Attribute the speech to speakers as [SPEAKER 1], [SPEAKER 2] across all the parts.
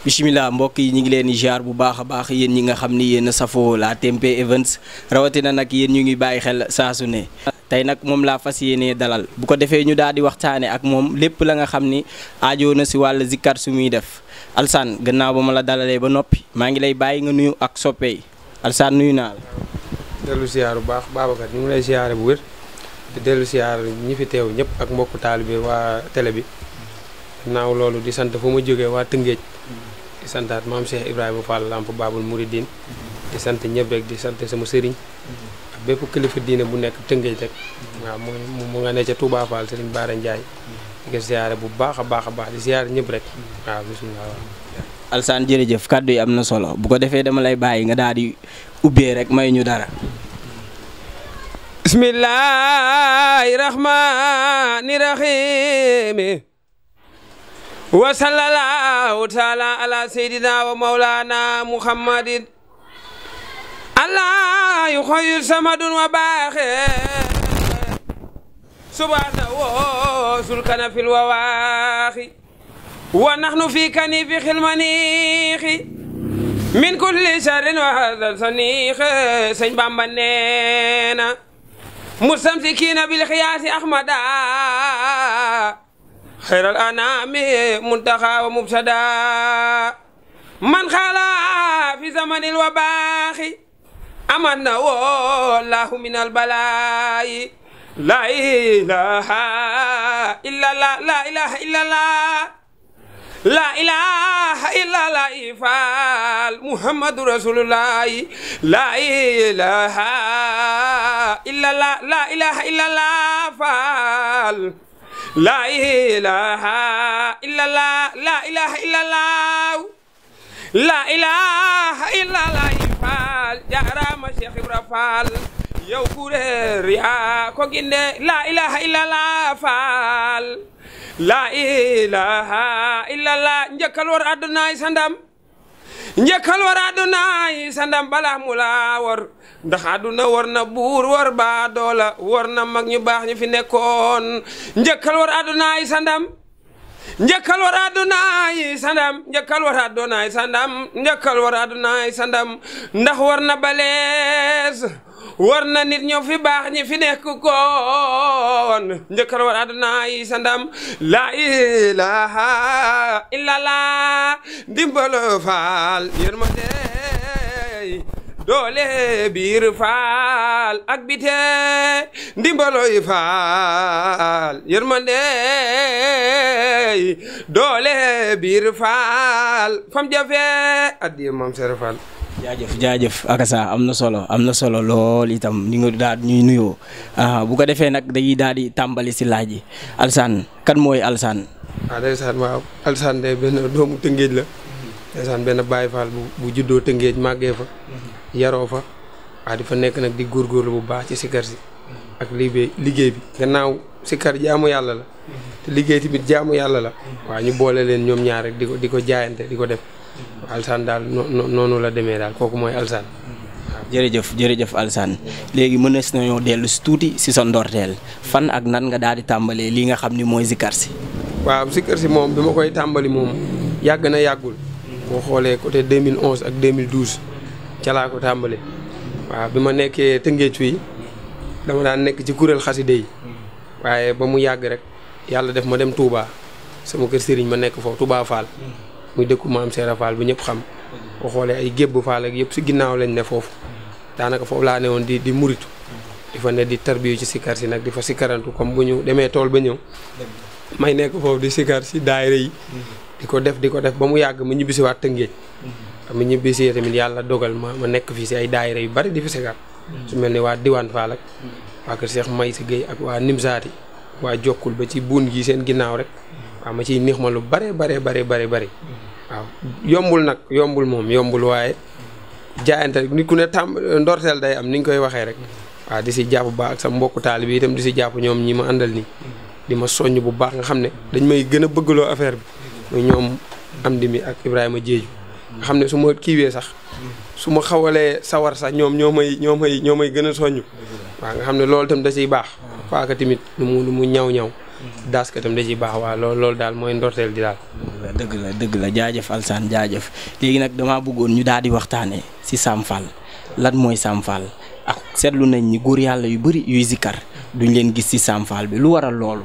[SPEAKER 1] bisimilah mbokk yi ñu ngi leen di jaar bu baax a baax yéen ñi nga xam ni yéen safoo la Tempe Events rawatina nag yéen ñu ngi bàyyi xel saa su ne. tey nag moom laa fas yéenee dalal bu ko defee ñu daal di waxtaane ak moom lépp la nga xam ni aajoo na si wàll zikkar su muy def Alsaan gannaaw ba ma la dalalee ba noppi maa ngi lay bàyyi nga nuyu ak soppe Alsaan nuyu naa la.
[SPEAKER 2] dellu ziar bu baax Babacar ñu ngi lay ziare bu wér di dellu ziar ñi fi teew ñëpp ak mbokku taalibe waa télé bi gannaaw loolu di sant fu ma jógee waa Tëngéej. di at mam Cheikh Ibrahima Fall Lamp babul Mouridine di sant ñëpp rek di sant sama serigne bepp kilifa diine bu nek teungey tek wa mu mu nga ne ci Touba Fall sëriñ nga ziaré bu baax a baax di ziar ñëpp rek wa bismillah
[SPEAKER 1] alsan Alsaan jërëjëf kàddu yi amna solo bu ko defé dama lay nga daal di rek may ñu dara
[SPEAKER 2] bismillahir rahmanir rahim وصلى الله تعالى على سيدنا ومولانا محمد الله يخير سمد وباخر سبحانه سلكنا في الواخي ونحن في كنيف المنيخ من كل شر وهذا الصنيخ سن بامبا نينا مستمسكين بالخياس أحمدا خير الأنام منتخى ومبتدا من خلا في زمن الوباخ أمنا والله من البلاء لا إله إلا الله لا إله إلا الله لا إله إلا الله إفعال محمد رسول الله لا إله إلا الله لا إله إلا الله فال laa ilaha illallah laa ilaha illallah laa faal jaaraama Cheikh Ibra Faal yow kuréer yaa ko ginde laa ilaha illallah faal laa ilaha illallah njëkkal war addunaay sandam njëkkal war àdduna yi sa ndam balaa mu laa war ndax àdduna war na buur war baa doola war na mag ñi baax ñu fi nekkoon njëkkal war àdduna yi sa njekkal wara Adonaayi sandam njekkal wara Adonaayi sandam njekkal wara Adonaayi sandam ndax war na balees war na nit ñoo fi baax ñi fi nekk koon njëkkal war Adonaayi sandam laa ilaaha illallah dimbalu faal yërmande Dole bir fal ak bite ndimbaloy fal yermande dole bir fal fam jafé addiye mom sere faal jajeuf
[SPEAKER 1] jaajëf akasa amna solo amna solo lol itam ni nga daal ñuy ah bu ko defee nak dañuy daal di kan moy Alsan
[SPEAKER 2] alsan wa alsan de ben doomu tëngéej la Alsan ben baye fal bu juddo tëngéej magge fa yaroo fa waaye di fa nekk nag di góorgóorlu bu baax ci sikar si ak liggéey liggéey bi gannaaw sikar jaamu yàlla la te liggéey tamit jaamu yàlla la waa ñu boole leen ñoom ñaar rek di ko di ko jaayante di ko def alsaan daal noonu la demee daal kooku mooy alsaan
[SPEAKER 1] jërëjëf jërëjëf Alsaan léegi mënees nañoo dellu si tuuti si sa ndorteel fan ak nan nga daal di tàmbalee lii nga xam ni mooy zikar si. waaw zikar si moom bi ma koy tàmbali moom yàgg na yàggul.
[SPEAKER 2] boo xoolee côté 2011 ak 2012 ca ko tàmbali waaw bi ma nekkee tëngee cuy dama daan nekk ci kuréel xaside yi waaye ba mu yàgg rek yàlla def ma dem Touba sama kër sëriñ ma nekk foofu Touba Fall muy dëkku maam Seera Fall bi ñëpp xam boo xoolee ay gébb Fall ak yëpp si ginnaaw lañ ne foofu daanaka foofu laa ne woon di di muritu di fa ne di tarbiyu ci sikkar si nag di fa sikkarantu comme bu ñu demee tool ba ñëw may nekk foofu di sikkar si daayira yi di ko def di ko def ba mu yàgg ma ñibbisiwaat Tëngéej mm-hmm. ma ñibbisee tamit yàlla dogal ma nekk fii si ay daayira yu bari di fi segaat mm-hmm. su mel ni waa diwaan Faal ak mm-hmm. waa kër Cheikh May si Guèye ak waa Nimsaati waa jokkul ba ci buun gi seen ginnaaw rek waaw ma ciy neex ma lu bare bare bare bare bare waaw yombul nag yombul moom yombul waaye jaayante nit ku ne tàmm ndorteel day am ni ñu koy waxee rek waaw di si jàpp baax ak sa mbokk taali bi itam di si jàpp ñoom ñi ma àndal nii di ma soññ bu baax nga xam ne dañ may gën a bëggloo affaire bi muy ñoom am dimi ak Ibrahima Jéeju nga xam suma su nyom sax suma ma sawar sax ñoom ñomay ñomay ñomay gëna soñu wa nga xam lool tam da bax fa ka timit nu mu nu mu ñaw ñaw daas ka tam da ci bax wa lool lool dal moy ndortel di dal
[SPEAKER 1] deug la deug la jaajeuf alsan jaajeuf léegi nak dama bëggoon ñu daal di waxtaanee si samfal lan moy samfal ak seetlu nañ ni goor yalla yu bari yu zikkar duñ leen gis ci samfal bi lu waral lool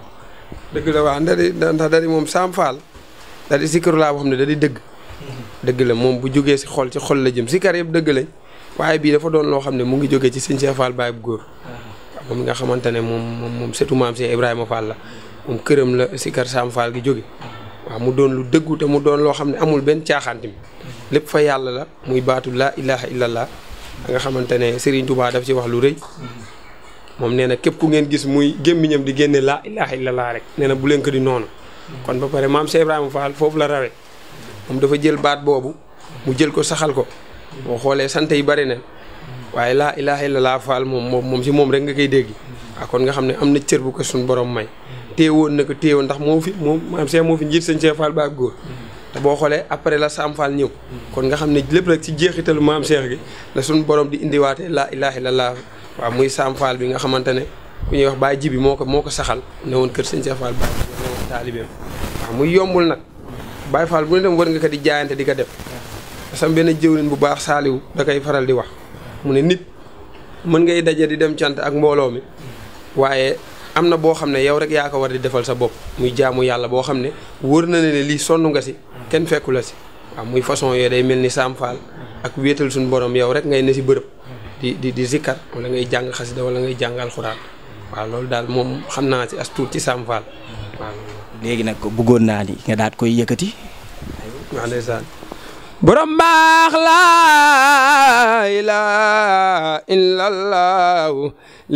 [SPEAKER 2] deug la wa ndari ndari dari samfal daal di sikkaru laa boo xam ne da dëgg dëgg la moom bu jógee si xol ci xol la jëm sikkar yëpp dëgg lañ waaye bii dafa doon loo xam ne mu ngi jógee ci sëñ Cheikh Fall Baye góor moom nga xamante ne moom moom moom setu Ibrahima Fall la moom këram la sikkar Sam Fall gi jóge waaw mu doon lu dëggu te mu doon loo xam ne amul benn caaxaan mi lépp fa yàlla la muy baatu laa ilaha illallah nga xamante ne Serigne Touba daf ci wax lu rëy nee na képp ku ngeen gis muy gémmiñam di génne laa ilaha illallah rek nee na bu leen ko di noonu kon ba pare maam Cheikh Ibrahima Fall foofu la rawe moom dafa jël baat boobu mu jël ko saxal ko boo xoolee sant yi bari na waaye laa ilaaha illallaah Fall moom moom moom si moom rek nga koy dégg ah xam ne am na cër bu ko suñu borom may téewoon na ko ndax moo fi moom moo fi njiit sëñ Cheikh Fall boo xoolee après la Sam Fall kon nga xam ne lépp rek ci jeexitalu maam Cheikh gi la suñu borom di indiwaatee laa ilaaha illallaah muy Sam Fall bi nga xamante ne ku ñuy wax Baay Jibi moo ko moo ko saxal ne woon kër sëñ Cheikh Fall taalibeem waaw muy yombul nag Baye Fall bu ne dem war nga ko di jaayante di ko def sam benn jëwriñ bu baax saaliw da koy faral di wax mu ne nit mën ngay daje di dem cant ak mbooloo mi waaye am na boo xam ne yow rek yaa ko war di defal sa bopp muy jaamu yàlla boo xam ne wër na ne lii sonn nga si kenn fekku la si waaw muy façon yooyu day mel ni Sam Fall ak wéetal suñu borom yow rek ngay ne si bërëb di di di zikkar wala ngay jàng xasida wala ngay jàng alxuraan waaw loolu daal moom xam naa si as tuut ci
[SPEAKER 1] léegi nag bëggoon naa ni nga daat koy yëkkati. borom baax laa ilaaha
[SPEAKER 2] illallah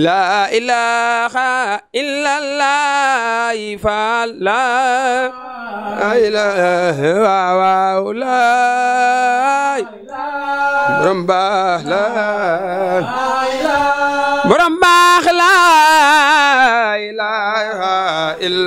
[SPEAKER 2] laa ilaaha illallah laa ilaaha waaw baax laa borom baax laa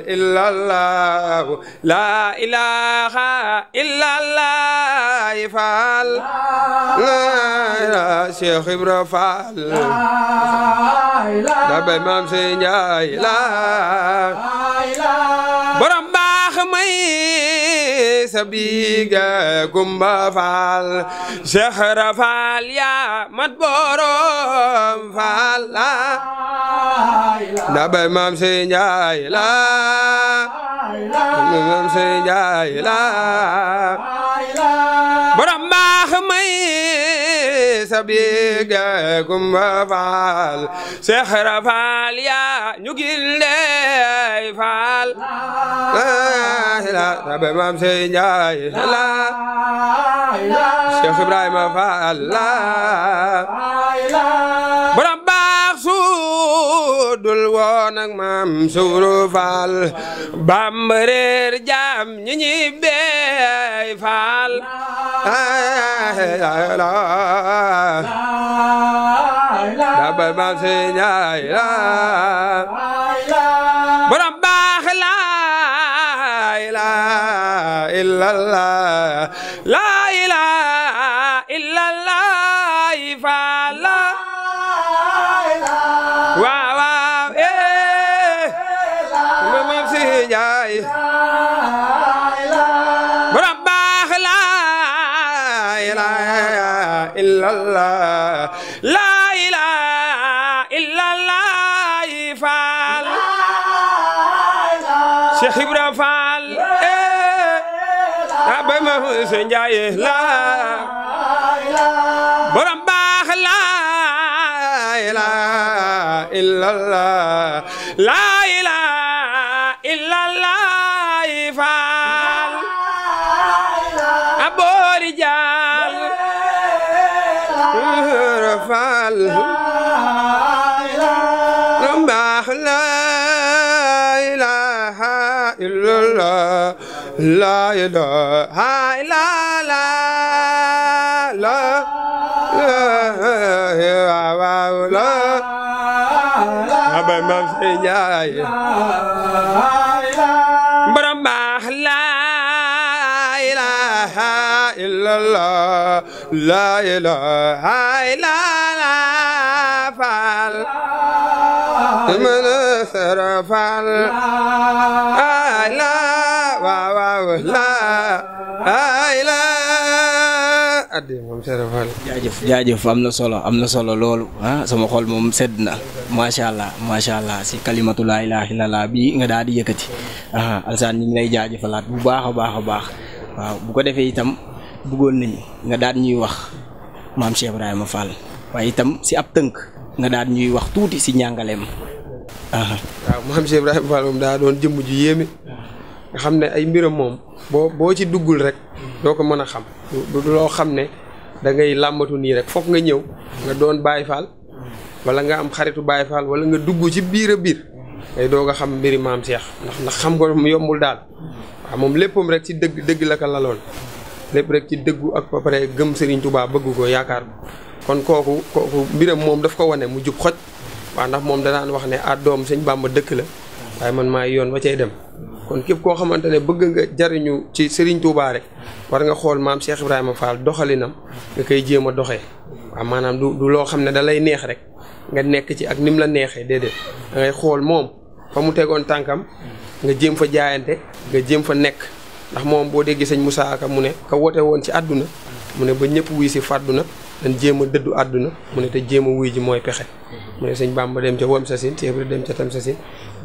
[SPEAKER 2] إلا الله لا إله إلا الله فعل لا إله شيخ إبرا فعل لا بي مام سينجاي لا إله باخ مي laysa biga gumba faal Cheikh Rafaal yaa mat borom faal la dabay maam Sey Njaay la la borom baax may sabiga gumba faal Cheikh Rafaal yaa ñu gil dey faal rabbe maam sey njaay la Cheikh Ibrahima Faal la borom baax su dul woon ak maam suuru faal Bamba réer jaam ñi ñi beey faal la maam sey njaay la illallah la ilaha illallah fa la waaw waaw eh lu ma si jaay borom baax la ilaha illallah la Cheikh Ibrahima se njaaye la borom la ilaha illa la la la la abay mam la ilaha illa la la ilaha la faal
[SPEAKER 1] defal jaajëf jaajëf am na solo am na solo loolu ah sama xol moom sedd na macha allah macha allah si kalimatu la ilaha illallah bi nga daal di yëkkati ah alsaan ñu ngi lay jaajëfalaat bu baax a baax a baax waaw bu ko defee itam bëggoon nañu nga daal ñuy wax maam Cheikh Ibrahima Fall waaye itam si ab tënk nga daal ñuy wax tuuti si njàngaleem. Ah.
[SPEAKER 2] waaw maam Cheikh Ibrahima Fall moom daa doon jëmm ju yéeme nga xam ne ay mbiram moom boo boo ci duggul rek doo ko mën a xam loo xam ne da ngay làmbatu nii rek foog nga ñëw nga doon Baay Faal wala nga am xaritu Baay Faal wala nga dugg ci biir a biir ngay doog a xam mbiri maam Cheikh ndax ndax xam nga mu yombul daal waaw moom léppam rek ci dëgg dëgg la ko lépp rek ci dëggu ak ba pare gëm Serigne Touba bëgg ko yaakaar ko kon kooku kooku mbiram moom daf ko wane mu jub xoj waaw ndax moom danaan wax ne ah doom sëñ Bàmba dëkk la waaye man maa yoon wa cay dem kon képp koo xamante ne bëgg nga jariñu ci Serigne Touba rek war nga xool maam Cheikh Ibrahima Fall doxalinam nga koy jéem a doxe waaw maanaam du du loo xam ne da lay neex rek nga nekk ci ak nim la neexee déedéet da ngay xool moom fa mu tegoon tànkam nga jéem fa jaayante nga jéem fa nekk ndax moom boo déggee sëñ Moussa Ka mu ne ka woote woon ci àdduna mu ne ba ñëpp wuy si fàdduna dañ jéem a dëddu àdduna mu ne te jéem wuy ji mooy pexe mu ne baam Bàmba dem ca wam sa sin ceebri dem ca tam sa sin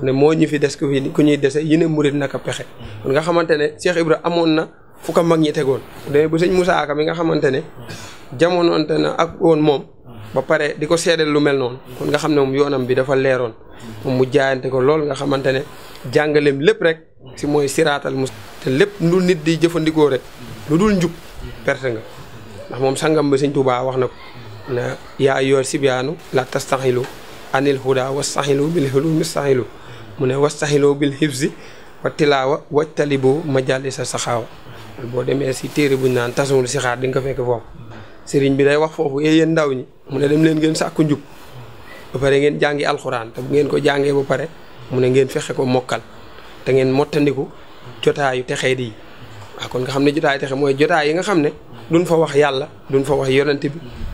[SPEAKER 2] ne moo ñu fi des ko fi ku ñuy dese yi ne murit naka pexe kon nga xamante ne Cheikh Ibra amoon na fu ko mag ñi tegoon demee bu sëñ Moussa Ka mi nga xamante ne jamonoonte na ak woon moom ba pare di ko seedal lu mel noonu nga xam ne moom yoonam bi dafa leeroon mu jaayante ko lool nga xamante ne jàngaleem lépp rek si mooy siraatal mus te lépp lu nit di jëfandikoo rek lu dul njub perte nga ndax moom sangam ba sëñ Tuubaa wax na ko na yaa yor sibiyaanu la tastaxilu anil huda wastaxilu bil hulumi staxilu mu ne wastaxilu bil hibsi wa tilaawa waj talibu majalisa saxaawa boo demee si téere buñ naan tasumul si xaar di nga ko fekk foofu sëriñ bi day wax foofu ee eh, yéen ndaw ñi mu ne dem leen ngeen sàkku njub ba pare ngeen jàngi alxuraan te bu ngeen ko jàngee ba pare mu ne ngeen fexe ko mokkal te ngeen mottandiku jotaayu texee di yi waaw kon nga xam ne jotaayu texe mooy jotaay yi nga xam ne duñ fa wax yàlla duñ fa wax yonent bi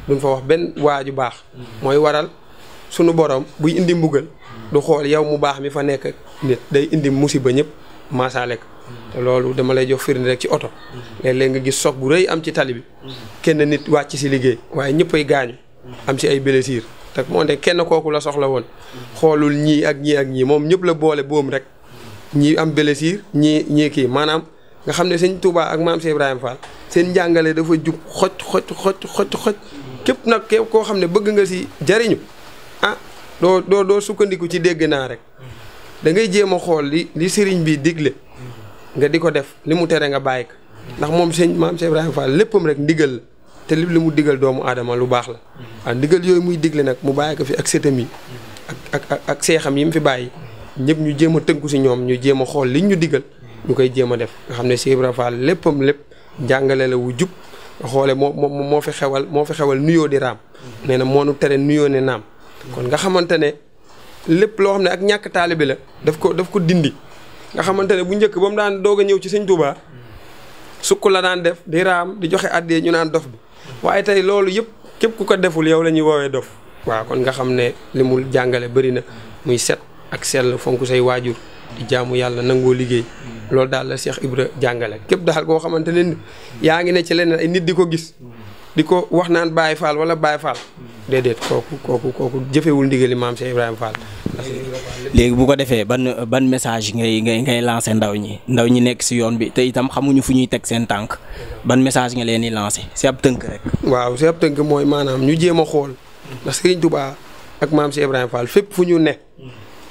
[SPEAKER 2] duñ fa wax benn waaju baax mooy waral sunu borom buy indi mbugal du xool yow mu baax mi fa nekk nit day indi musiba ñëpp maasaale ko loolu dama lay jox firnde rek ci oto léeg-léeg nga gis soog bu rëy am ci tali bi kenn nit wàcc si liggéey waaye ñëppay gaañu am si ay blessures te moo ne kenn kooku la soxla woon xoolul ñii ak ñii ak ñii moom ñëpp la boole boom rek ñii am blessure ñii kii maanaam nga xam ne sëñ Touba ak maam Ibrahima Fall seen njàngale dafa jub xoj xoj xoj xoj xoj képp nag képp koo xam ne bëgg nga si jariñu ah doo doo doo sukkandiku ci dégg naa rek da ngay jéem a xool li li sëriñ bii digle nga di ko def li mu tere nga bàyyi ko ndax moom sëñ maam Cheikh Ibrahima rek ndigal te li mu digal doomu aadama lu baax la waaw ah, ndigal yooyu muy digle nag mu bàyyi ko fi ak sëtam yi ak ak ak seexam yi mu fi bàyyi ñëpp ñu jéem a tënku si ñoom ñu jéem a xool li ñu digal ñu koy jéem a def nga xam ne Cheikh Ibra Fall léppam lépp jàngale la wu jub xoole moo moo moo fi xewal moo fi xewal nuyoo di raam nee na moo nu tere nuyoo ne naam kon nga xamante ne lépp loo xam ne ak ñàkk taalibe la daf ko daf ko dindi nga xamante ne bu njëkk ba mu daan doog a ñëw ci sëñ Tuubaa sukk la daan def di raam di joxe àddee ñu naan dof bi waaye tey loolu yëpp képp ku ko deful yow la ñuy woowee dof waa kon nga xam ne li mu jàngale bëri na muy set ak sell fonk say waajur di jaamu yàlla nangoo liggéey loolu daal la Cheikh Ibra jàngale képp daal koo xamante ne yaa ngi ne ci leneen ay nit di ko gis di ko wax naan baay Fall wala Baye Fall déedéet kooku kooku kooku jëfewul ndigali maam Cheikh
[SPEAKER 1] Ibrahima Fall léegi bu ko defee ban ban message ngay ngay ngay lancé ndaw ñi ndaw ñi nekk si yoon bi te itam xamuñu fu ñuy teg seen tànk ban message nga leen di lancé si ab tënk rek
[SPEAKER 2] waaw si ab tënk mooy maanaam ñu jéem a xool ndax Serigne Touba ak maam Cheikh fépp fu ñu ne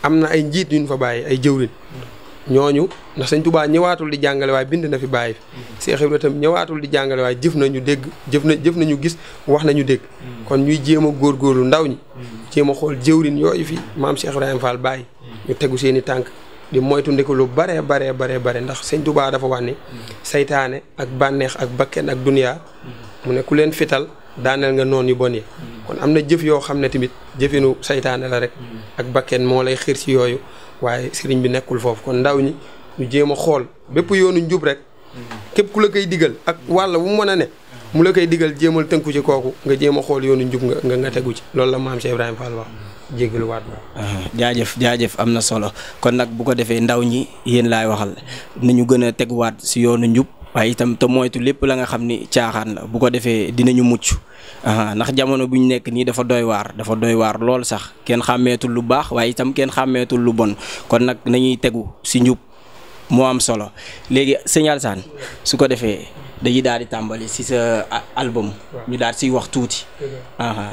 [SPEAKER 2] am na ay njiit yu ñu fa bàyyi ay jëwrin ñooñu ndax sëñ Tuubaa ñëwaatul di jàngalewaay bind na fi bàyyi Seex tam ñëwaatul di jàngalewaay waaye jëf nañu dégg jëf na jëf nañu gis wax nañu dégg kon ñuy jéem a góorgóorlu ndaw ñi jéem a xool jëwrin yooyu fi maam Seex Ibrahima bàyyi ñu tegu seen i tànk di moytu ndiku lu bare bare bare bare ndax sëñ Tuubaa dafa wax ni seytaane ak bànneex ak bakken ak duniyaa mu ne ku leen fital daaneel nga noon yu bon yi kon am na jëf yoo xam ne tamit jëfinu seytaane la rek mm. ak bakken moo lay xiir ci yooyu waaye sëriñ bi nekkul foofu kon ndaw ñi ñu jéem a xool bépp yoonu njub rek mm. képp ku la koy digal ak wàll bu mën a ne mu la koy digal jéemal tënku ci kooku nga jéem a xool yoonu njub nga nga tegu ci loolu la maam Cheikh Ibrahima Fall wax mm. jéggalu waat
[SPEAKER 1] ah, jaajëf jaajëf am na solo kon nag bu ko defee ndaw ñi yéen laay waxal nañu gën a teguwaat si yoonu njub waaye itam te moytu lépp la nga xam ni caaxaan la bu ko defee dinañu mucc ndax jamono bu ñu nekk nii dafa doy waar dafa doy waar lool sax kenn xàmmeetul lu baax waaye itam kenn xàmmeetul lu bon kon nag nañuy tegu si njub moo am solo léegi Sëñ saan su ko defee dañuy daal di tàmbali si sa album. ñu daal siy wax tuuti.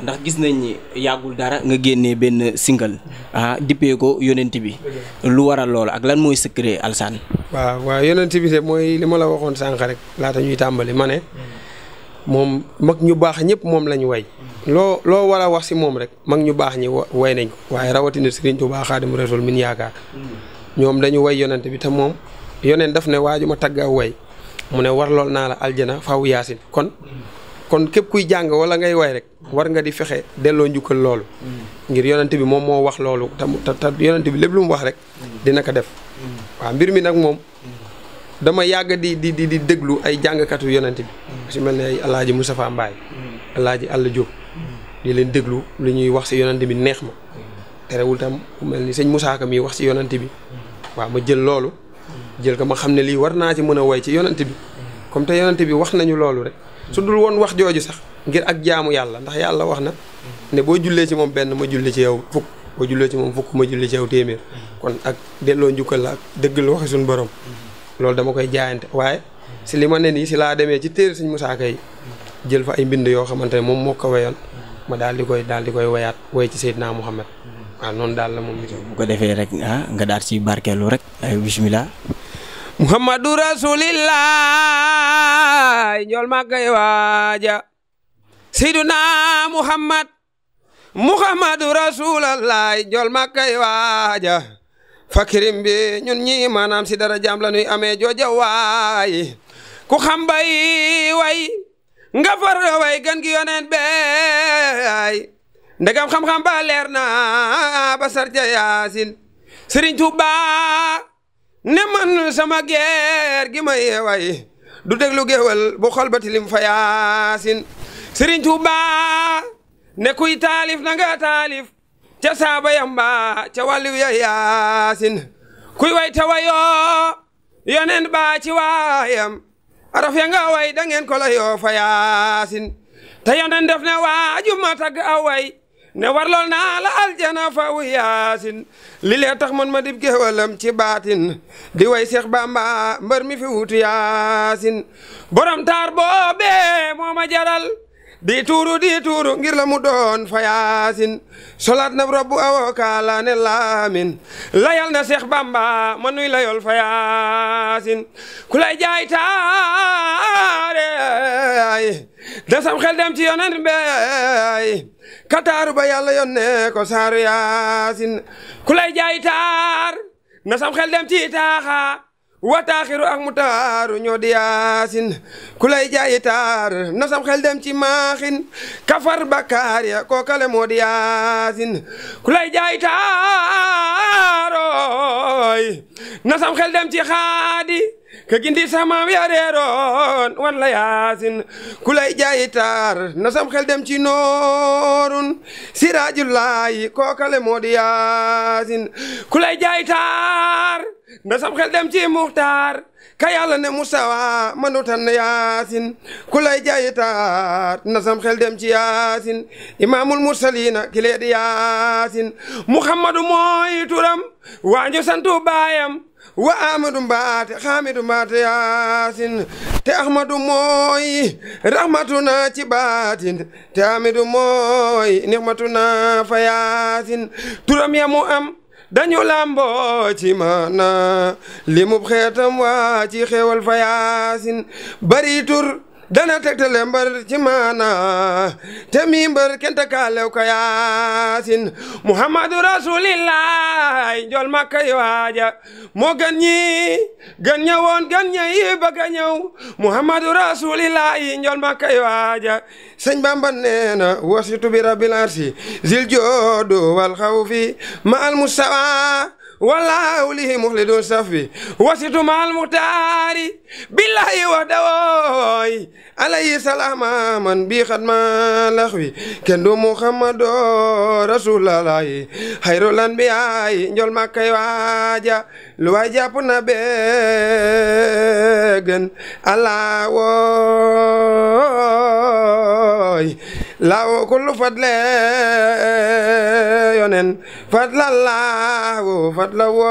[SPEAKER 1] ndax gis nañ ni yàggul dara nga génne benn single. Mm-hmm. dippee ko yonent bi. lu waral loolu ak lan mooy secret Alsaan.
[SPEAKER 2] waaw waaw yonent mooy li ma la waxoon sànq rek laata ñuy tàmbali ma ne. Mm-hmm. mag ñu baax ñëpp moom la ñu way. Mm-hmm. loo loo war a wax si moom rek mag ñu baax ñi way nañ ko waaye rawatina Sëriñ Tuubaa Xaadimu Rasuul min yaakaar. ñoom dañu way yonent bi te moom yonent daf ne waaju ma tagga way. mu ne war lool naa la aljana faw yaasin kon kon képp kuy jàng wala ngay way rek war nga di fexe delloo njukkal loolu ngir yonent bi moom moo wax loolu te te bi lépp lu mu wax rek dina ko def mbir mi nag moom dama yàgg di di di di déglu ay jàngkatu yonent bi mel ne ay alaaji Moustapha Mbaye alaaji Alla Diop di déglu lu ñuy wax si yonent bi neex ma tam mel ni sëñ musaaka Ka mi wax si yonent bi waaw ma jël loolu jël ko ma xam ne lii war naa ci mën a woy ci yonent bi comme te yonent bi wax nañu loolu rek su dul woon wax jooju sax ngir ak jaamu yàlla ndax yàlla wax na ne boo jullee ci moom benn ma julli ci yow fukk boo jullee ci moom fukk ma julli ci yow téeméer kon ak delloo njukka la ak dëgg la waxi suñu borom loolu dama koy jaayante waaye si li ma ne nii si laa demee ci téere Sëñ Musaa Ka yi jël fa ay mbind yoo xamante ne moom moo ko wayoon ma daal di koy daal di koy wayaat woy ci Seydina Muhammad waaw noonu daal la moom bu
[SPEAKER 1] ko defee rek ah, nga daal ci barkeelu rek ay muhammadu
[SPEAKER 2] rasulillah njol maggay waaja seyduna muhammad muhammadu rasulallah njol maggay waaja fakirim bi ñun ñi maanaam si dara jaam la amee jooja waay ku xam bay nga far way gan gi yoneen beey ndegam xam-xam leer na ba sarja yaasin sëriñ ne man sama geer gi ma yeeway du déglu géwal bu xol fa yaasin Sëriñ Tuubaa ne kuy taalif na taalif ca saaba yamba ca wàllu ya yaasin kuy way ta wayoo yoneen baa ci waayam araf ya nga dangeen da ngeen yoo fa yaasin te yoneen def ne waaju ma tagg aw way ne warlool naa la aljana yaasin li lee tax man ma dib géwalam ci baatin di way Seex Bamba mbër mi fi wutu yaasin borom taar boobee moo ma jaral di tuuru di tuuru ngir la mu doon fa yaasin solaat na robbu awoo kaalaane laamin layal na Seex Bamba ma nuy layol fa yaasin ku lay jaay taare dasam xel dem ci yonen mbey kataaru ba yàlla yonne ko saaru yaasin ku lay jaay taar nasam xel dem ci taaxa wataaxiru ak mu taaru ñoo ku lay jaayi taar na sam dem ci maaxin kafar bakkaar ya kookale moo di ku lay jaayi taarooy na sam dem ci xaadi ka gindi sama wi areeroon yaasin ku lay jaayi taar xel dem ci noorun siraajullaahi kookale moo di yaasin ku lay jaayi taar xel dem ci muxtaar ka ne musawa manu tan yaasin ku lay jayitaat na xel dem ci yaasin imaamul mursalina ki yaasin muhammadu mooy turam waañu santu baayam wa Amadou Mbaate Xaamidu Mbaate Yaasin te Ahmadu mooy rahmatuna ci baatin te Amidou mooy nixmatuna fa Yaasin turam ya mu am dañu làmboo ci maana limub xeetam waa ci xewal fa Yaasin bari tur dana tegtale mbër ci maana te mi mbër kenta kaalew ko yaasin muhammadu rasulillahi jol makka yi waaja moo gën ñi gën ña woon gën ña yi bëgg ñëw muhammadu rasulillahi jol makka yi waaja sëñ bamba nee na wasitu bi rabbil arsi zil wal xawfi ma al mustawa wallaahu lihi muxlidun safi wasitu maal muxtaari billahi wa dawooy alayhi salaama man bii xat ma lax wi kenn du muhammadu rasulallaahi xayrul anbiyaay njol makkay waaja lu waay jàpp na bee allah wooy laaw kullu fadle yonen fadlallahu fadlawo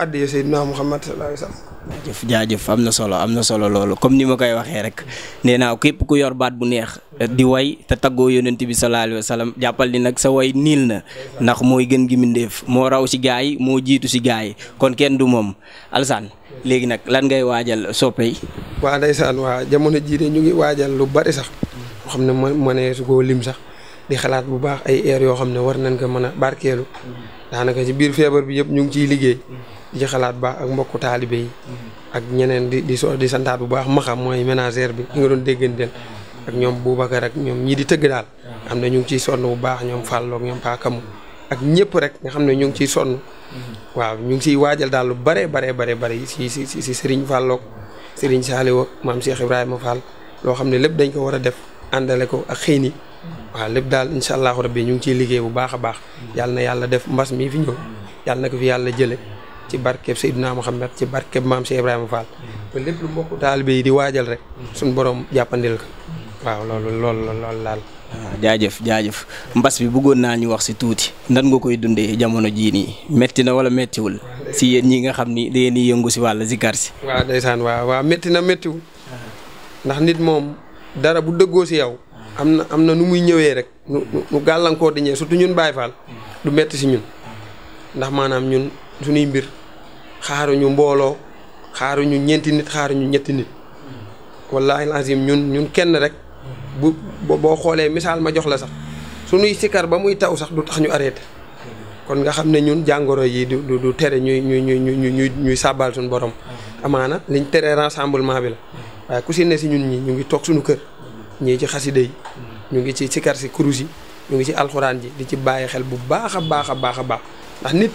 [SPEAKER 2] addiya sayyidina Muhammad sallallahu alayhi wa sallam
[SPEAKER 1] jaajëf jaajëf am na solo am na solo loolu comme ni ma koy waxee rek nee naa képp ku yor baat bu neex eh, di way te taggoo yonent bi sallallahu alayhi wa jàppal ni nag sa way niil na ndax mooy gën gi mindeef moo raw si gaa yi moo jiitu si gaa yi kon kenn du moom Alassane léegi nag lan ngay waajal soppe yi
[SPEAKER 2] waa ndeysaan waa jamono jii ñu ngi waajal lu bari sax moo xam ne ma ne koo lim sax di xalaat bu baax ay heures yoo xam ne war nañ ko mën a barkeelu daanaka ci biir feebar bi yëpp ñu ngi ciy liggéey di ci xalaat baax ak mbokku taalibe yi ak ñeneen di di so di santaat bu baax maxam mooy ménagère bi ki nga doon dégganteel ak ñoom Boubacar ak ñoom ñii di tëgg daal am na ñu ngi ciy sonn bu baax ñoom Fallou ak ñoom Pakamu ñëpp rek nga xam ne ñu ngi ciy sonn waaw ñu ngi ciy waajal daal lu bare bare bare bare si si si Serigne Fallou Serigne si ak maam Cheikh Ibrahima Fall loo xam ne lépp dañ ko war a def àndale ko ak xëy ni waaw lépp daal incha allahu rabbi ñu ngi liggéey bu baax a baax yàlla na yàlla def mbas mii fi ñëw yàlla na ko fi yàlla jële ci barkeb Seydina Muhammad ci barkeb maam Cheikh Ibrahima Fall te lépp lu mbokk taalibe yi di waajal rek suñ boroom jàppandil ko waaw loolu loolu lool laal
[SPEAKER 1] ah, jaajëf jaajëf mbas bi bëggoon naa ñu wax si tuuti nan nga koy dundee jamono jii nii metti na wala mettiwul si yéen ñi nga xam ni da ngeen di yëngu si wàll zikar si waaw ndeysaan waaw dara bu dëggoo
[SPEAKER 2] si yow. am na am na nu muy ñëwee rek nu nu gàllankoor di ñëw surtout ñun Baye Fall du metti si ñun ndax maanaam ñun suñuy mbir xaaruñu mbooloo xaaruñu ñeenti nit xaaruñu ñetti nit wallaahi lazim ñun ñun kenn rek bu boo xoolee misaal ma jox la sax suñuy sikar ba muy taw sax du tax ñu arrêté kon nga xam ne ñun jàngoro yi du du tere ñuy ñuy ñuy ñuy ñuy ñuy suñu borom amaana liñ tere rassemblement bi la waaye ku si ne si ñun ñi ñu ngi toog sunu kër ñii ci xasida yi ñu ngi ci sikar si kurus yi ñu ngi ci alxuraan ji di ci bàyyi xel bu baax a baax a baax a baax ndax nit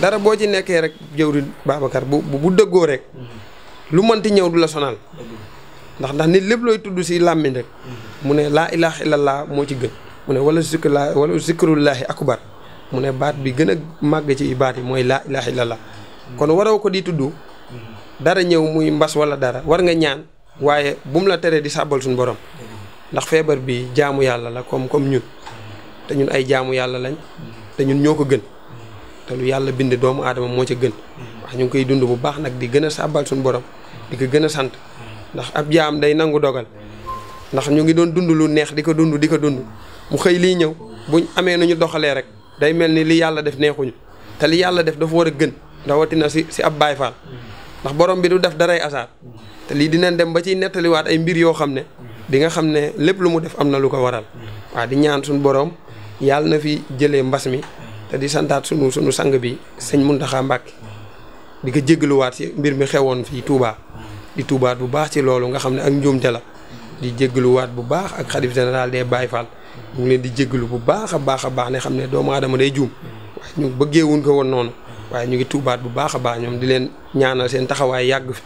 [SPEAKER 2] dara boo ci nekkee rek jëw jëwriñ Babacar bu bu dëggoo rek lu mënti ñëw du la sonal ndax ndax nit lépp looy tudd si làmmiñ rek mu ne laa ilaha illallah moo ci gën mu ne wala zikrullah wala zikrullahi akbar mu ne baat bi gën a màgg ci baat yi mooy laa ilaha illallah kon waroo ko di tudd dara ñëw muy mbas wala dara war nga ñaan waaye bu mu la teree di sàbbal suñu borom ndax feebar bi jaamu yàlla la comme comme ñun te ñun ay jaamu yàlla lañ te ñoo ko gën te lu yàlla bind doomu aadama moo ca gën wax ñu ngi koy dund bu baax nag di gën a sàbbal suñu borom di ko gën a sant ndax ab jaam day nangu dogal ndax ñu ngi doon dund lu neex di ko dund di ko dund mu xëy lii ñëw buñ amee nañu doxalee rek day mel ni li yàlla def neexuñu te li yàlla def dafa war a gën rawatina si si ab baay ndax borom bi du def daray asaar te lii di dinañ dem ba ciy nettaliwaat ay mbir yoo xam ne di nga xam ne lépp lu mu def am na lu ko waral waaw di ñaan suñu boroom yàlla na fi jëlee mbas mi te di santaat suñu sunu sang bi sëñ Muntaxa Mbàkke di ko jéggaluwaat si mbir mi xewoon fii Touba di tuubaat bu baax ci loolu nga xam ne ak njuumte la di jéggaluwaat bu baax ak xalif général des baay Fall mu ngi leen di jéggalu bu baax a baax a baax ne xam ne doomu aadama day juum ñu bëggeewuñ ko woon noonu waaye ñu ngi tuubaat bu baax a baax ñoom di leen ñaanal seen taxawaay yàgg fi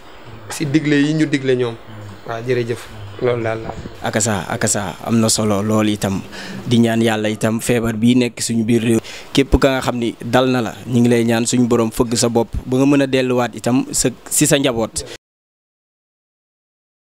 [SPEAKER 2] si digle yi ñu digle ñoom waaw jërëjëf loolu daal la
[SPEAKER 1] akasa akasa am na solo lool itam di ñaan yàlla itam feebar bii nekk suñu biir réew képp ka nga xam ni dal na la ñu ngi lay ñaan suñu borom fëgg sa bopp bu nga mën a delluwaat itam sa si sa njaboot